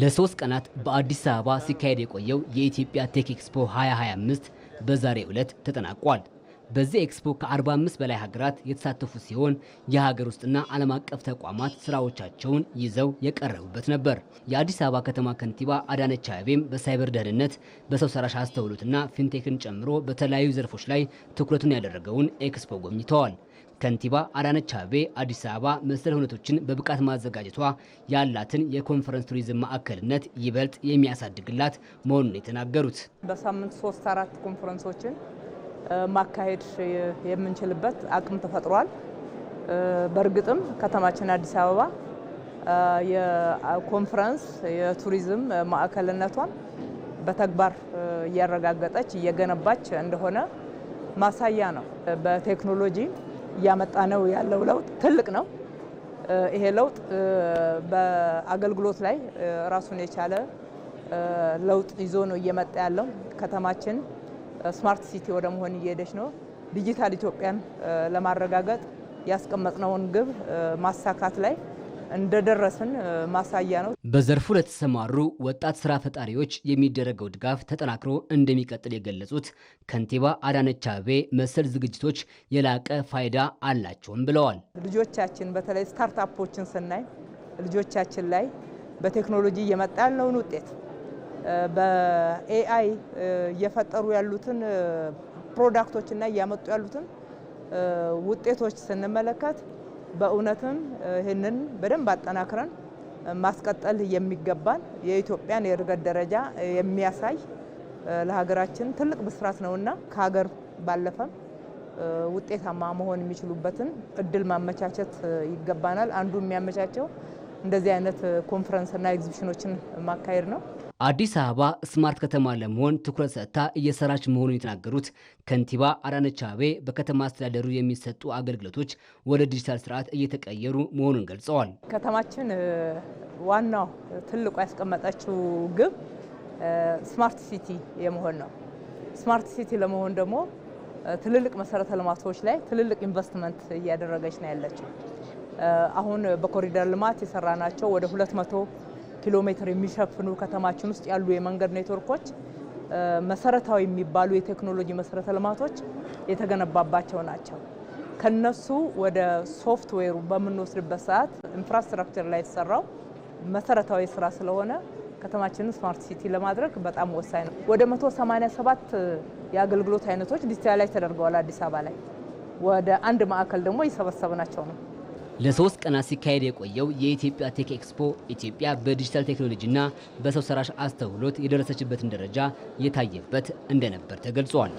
ለሶስት ቀናት በአዲስ አበባ ሲካሄድ የቆየው የኢትዮጵያ ቴክ ኤክስፖ 2025 በዛሬ ዕለት ተጠናቋል። በዚህ ኤክስፖ ከ45 በላይ ሀገራት የተሳተፉ ሲሆን የሀገር ውስጥና ዓለም አቀፍ ተቋማት ስራዎቻቸውን ይዘው የቀረቡበት ነበር። የአዲስ አበባ ከተማ ከንቲባ አዳነች አቤቤም በሳይበር ደህንነት፣ በሰው ሰራሽ አስተውሎትና ፊንቴክን ጨምሮ በተለያዩ ዘርፎች ላይ ትኩረቱን ያደረገውን ኤክስፖ ጎብኝተዋል። ከንቲባ አዳነች አቤቤ አዲስ አበባ መሰል ሁነቶችን በብቃት ማዘጋጀቷ ያላትን የኮንፈረንስ ቱሪዝም ማዕከልነት ይበልጥ የሚያሳድግላት መሆኑን የተናገሩት በሳምንት ሶስት አራት ኮንፈረንሶችን ማካሄድ የምንችልበት አቅም ተፈጥሯል። በእርግጥም ከተማችን አዲስ አበባ የኮንፈረንስ የቱሪዝም ማዕከልነቷን በተግባር እያረጋገጠች እየገነባች እንደሆነ ማሳያ ነው። በቴክኖሎጂ እያመጣ ነው ያለው ለውጥ ትልቅ ነው። ይሄ ለውጥ በአገልግሎት ላይ ራሱን የቻለ ለውጥ ይዞ ነው እየመጣ ያለው ከተማችን ስማርት ሲቲ ወደ መሆን እየሄደች ነው። ዲጂታል ኢትዮጵያን ለማረጋገጥ ያስቀመጥነውን ግብ ማሳካት ላይ እንደደረስን ማሳያ ነው። በዘርፉ ለተሰማሩ ወጣት ስራ ፈጣሪዎች የሚደረገው ድጋፍ ተጠናክሮ እንደሚቀጥል የገለጹት ከንቲባ አዳነች አቤ መሰል ዝግጅቶች የላቀ ፋይዳ አላቸውም ብለዋል። ልጆቻችን በተለይ ስታርታፖችን ስናይ ልጆቻችን ላይ በቴክኖሎጂ እየመጣ ያለውን ውጤት በኤአይ እየፈጠሩ ያሉትን ፕሮዳክቶች እና እያመጡ ያሉትን ውጤቶች ስንመለከት በእውነትም ይህንን በደንብ አጠናክረን ማስቀጠል የሚገባን የኢትዮጵያን የእድገት ደረጃ የሚያሳይ ለሀገራችን ትልቅ ብስራት ነውና ከሀገር ባለፈም ውጤታማ መሆን የሚችሉበትን እድል ማመቻቸት ይገባናል። አንዱ የሚያመቻቸው እንደዚህ አይነት ኮንፈረንስና ኤግዚቢሽኖችን ማካሄድ ነው። አዲስ አበባ ስማርት ከተማ ለመሆን ትኩረት ሰጥታ እየሰራች መሆኑን የተናገሩት ከንቲባ አዳነች አቤ በከተማ አስተዳደሩ የሚሰጡ አገልግሎቶች ወደ ዲጂታል ስርዓት እየተቀየሩ መሆኑን ገልጸዋል። ከተማችን ዋናው ትልቁ ያስቀመጠችው ግብ ስማርት ሲቲ የመሆን ነው። ስማርት ሲቲ ለመሆን ደግሞ ትልልቅ መሰረተ ልማቶች ላይ ትልልቅ ኢንቨስትመንት እያደረገች ነው ያለችው። አሁን በኮሪደር ልማት የሰራ ናቸው ወደ ሁለት መቶ ኪሎ ሜትር የሚሸፍኑ ከተማችን ውስጥ ያሉ የመንገድ ኔትወርኮች መሰረታዊ የሚባሉ የቴክኖሎጂ መሰረተ ልማቶች የተገነባባቸው ናቸው። ከነሱ ወደ ሶፍትዌሩ በምንወስድበት ሰዓት ኢንፍራስትራክቸር ላይ የተሰራው መሰረታዊ ስራ ስለሆነ ከተማችንን ስማርት ሲቲ ለማድረግ በጣም ወሳኝ ነው። ወደ 187 የአገልግሎት አይነቶች ዲጂታላይዝ ተደርገዋል አዲስ አበባ ላይ ወደ አንድ ማዕከል ደግሞ እየሰበሰብናቸው ነው። ለሶስት ቀናት ሲካሄድ የቆየው የኢትዮጵያ ቴክ ኤክስፖ ኢትዮጵያ በዲጂታል ቴክኖሎጂና በሰው ሰራሽ አስተውሎት የደረሰችበትን ደረጃ የታየበት እንደነበር ተገልጿል።